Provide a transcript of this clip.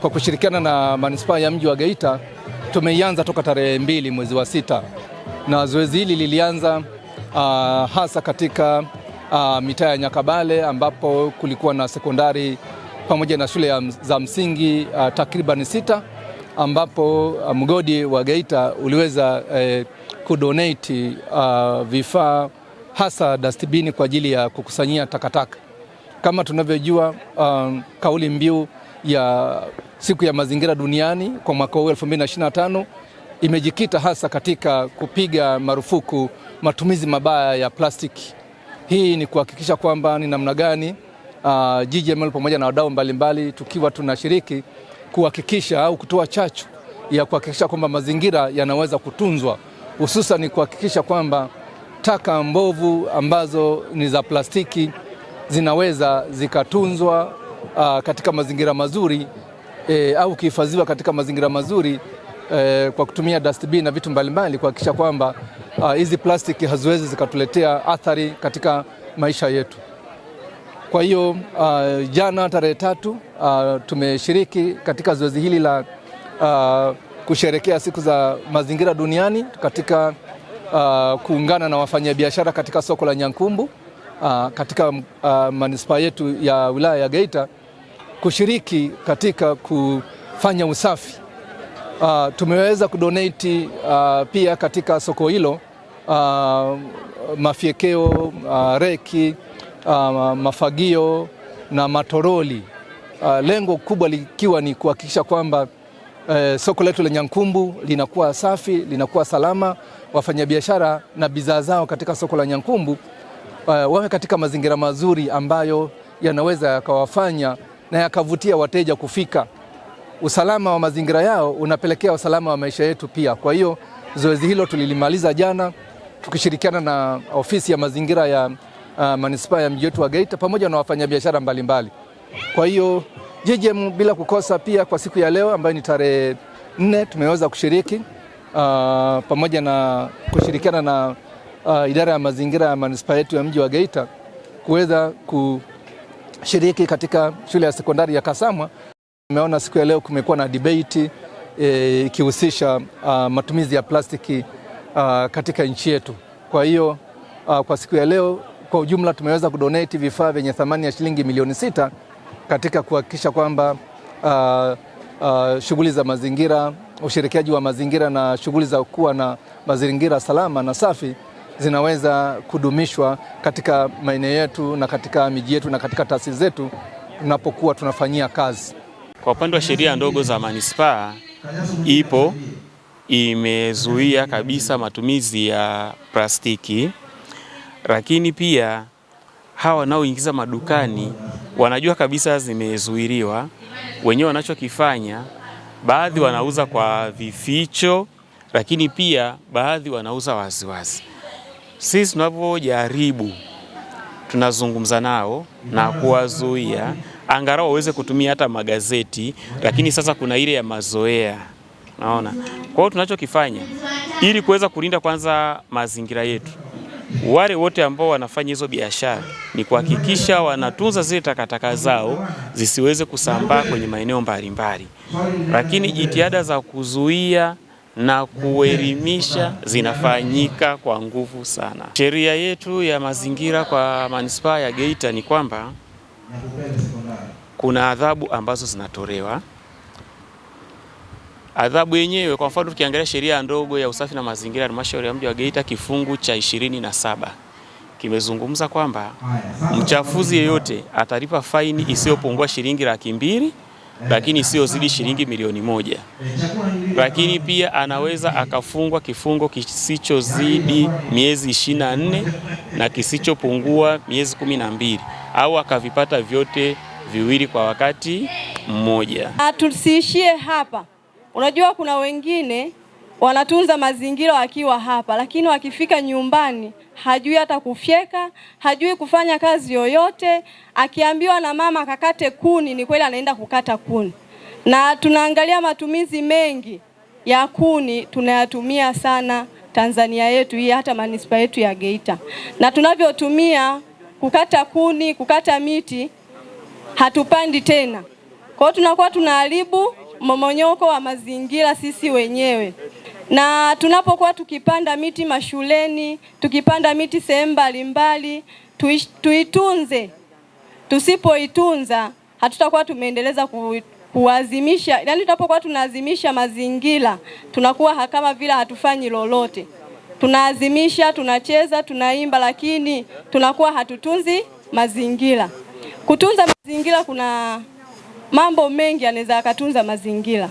Kwa kushirikiana na manispaa ya mji wa Geita tumeianza toka tarehe mbili mwezi wa sita, na zoezi hili lilianza uh, hasa katika uh, mitaa ya Nyakabale ambapo kulikuwa na sekondari pamoja na shule za msingi uh, takriban sita ambapo uh, mgodi wa Geita uliweza uh, kudonate uh, vifaa hasa dustbin kwa ajili ya kukusanyia takataka. Kama tunavyojua um, kauli mbiu ya siku ya mazingira duniani kwa mwaka huu 2025 imejikita hasa katika kupiga marufuku matumizi mabaya ya plastiki. Hii ni kuhakikisha kwamba ni namna gani uh, GGML pamoja na wadau mbalimbali tukiwa tunashiriki kuhakikisha au kutoa chachu ya kuhakikisha kwamba mazingira yanaweza kutunzwa, hususan ni kuhakikisha kwamba taka mbovu ambazo ni za plastiki zinaweza zikatunzwa uh, katika mazingira mazuri e, au ukihifadhiwa katika mazingira mazuri e, kwa kutumia dustbin na vitu mbalimbali kuhakikisha kwamba ah, hizi uh, plastiki haziwezi zikatuletea athari katika maisha yetu. Kwa hiyo uh, jana tarehe tatu uh, tumeshiriki katika zoezi hili la uh, kusherekea siku za mazingira duniani katika uh, kuungana na wafanyabiashara katika soko la Nyankumbu uh, katika uh, manispaa yetu ya wilaya ya Geita kushiriki katika kufanya usafi. Uh, tumeweza kudonate uh, pia katika soko hilo uh, ah, mafyekeo uh, reki uh, mafagio na matoroli uh, lengo kubwa likiwa ni kuhakikisha kwamba uh, soko letu la Nyankumbu linakuwa safi, linakuwa salama, wafanyabiashara na bidhaa zao katika soko la Nyankumbu uh, wawe katika mazingira mazuri ambayo yanaweza yakawafanya na yakavutia wateja kufika. Usalama wa mazingira yao unapelekea usalama wa maisha yetu pia. Kwa hiyo zoezi hilo tulilimaliza jana tukishirikiana na ofisi ya mazingira ya uh, manispaa ya mji wetu wa Geita pamoja na wafanyabiashara mbalimbali. Kwa hiyo JJM bila kukosa pia kwa siku ya leo ambayo ni tarehe nne tumeweza kushiriki uh, pamoja na kushirikiana na uh, idara ya mazingira ya manispaa yetu ya mji wa Geita kuweza ku shiriki katika shule ya sekondari ya Kasamwa. Nimeona siku ya leo kumekuwa na debate e, ikihusisha e, uh, matumizi ya plastiki uh, katika nchi yetu. Kwa hiyo uh, kwa siku ya leo kwa ujumla tumeweza kudonate vifaa vyenye thamani ya shilingi milioni sita katika kuhakikisha kwamba uh, uh, shughuli za mazingira, ushirikiaji wa mazingira na shughuli za kuwa na mazingira salama na safi zinaweza kudumishwa katika maeneo yetu na katika miji yetu na katika taasisi zetu tunapokuwa tunafanyia kazi. Kwa upande wa sheria ndogo za manispaa ipo imezuia kabisa matumizi ya plastiki, lakini pia hawa wanaoingiza madukani wanajua kabisa zimezuiliwa. Wenyewe wanachokifanya, baadhi wanauza kwa vificho, lakini pia baadhi wanauza waziwazi sisi tunavyojaribu tunazungumza nao na kuwazuia angalau waweze kutumia hata magazeti, lakini sasa kuna ile ya mazoea, naona. Kwa hiyo tunachokifanya ili kuweza kulinda kwanza mazingira yetu, wale wote ambao wanafanya hizo biashara ni kuhakikisha wanatunza zile takataka zao zisiweze kusambaa kwenye maeneo mbalimbali, lakini jitihada za kuzuia na kuelimisha zinafanyika kwa nguvu sana. Sheria yetu ya mazingira kwa manispaa ya Geita ni kwamba kuna adhabu ambazo zinatolewa. Adhabu yenyewe kwa mfano, tukiangalia sheria ndogo ya usafi na mazingira halmashauri ya mji wa Geita kifungu cha ishirini na saba kimezungumza kwamba mchafuzi yeyote atalipa faini isiyopungua shilingi laki mbili lakini sio zidi shilingi milioni moja. Lakini pia anaweza akafungwa kifungo kisichozidi miezi ishirini na nne na kisichopungua miezi kumi na mbili au akavipata vyote viwili kwa wakati mmoja. Ah, tusiishie hapa, unajua kuna wengine wanatunza mazingira wakiwa hapa, lakini wakifika nyumbani hajui hata kufyeka, hajui kufanya kazi yoyote. Akiambiwa na mama kakate kuni, ni kweli anaenda kukata kuni, na tunaangalia matumizi mengi ya kuni tunayatumia sana Tanzania yetu hii, hata manispaa yetu ya Geita, na tunavyotumia kukata kuni, kukata miti, hatupandi tena. Kwa hiyo tunakuwa tunaharibu momonyoko wa mazingira sisi wenyewe na tunapokuwa tukipanda miti mashuleni, tukipanda miti sehemu mbalimbali, tuitunze. Tusipoitunza hatutakuwa tumeendeleza ku, kuazimisha, yaani tunapokuwa tunaazimisha mazingira tunakuwa kama vile hatufanyi lolote, tunaazimisha, tunacheza, tunaimba, lakini tunakuwa hatutunzi mazingira. Kutunza mazingira, kuna mambo mengi yanaweza yakatunza mazingira.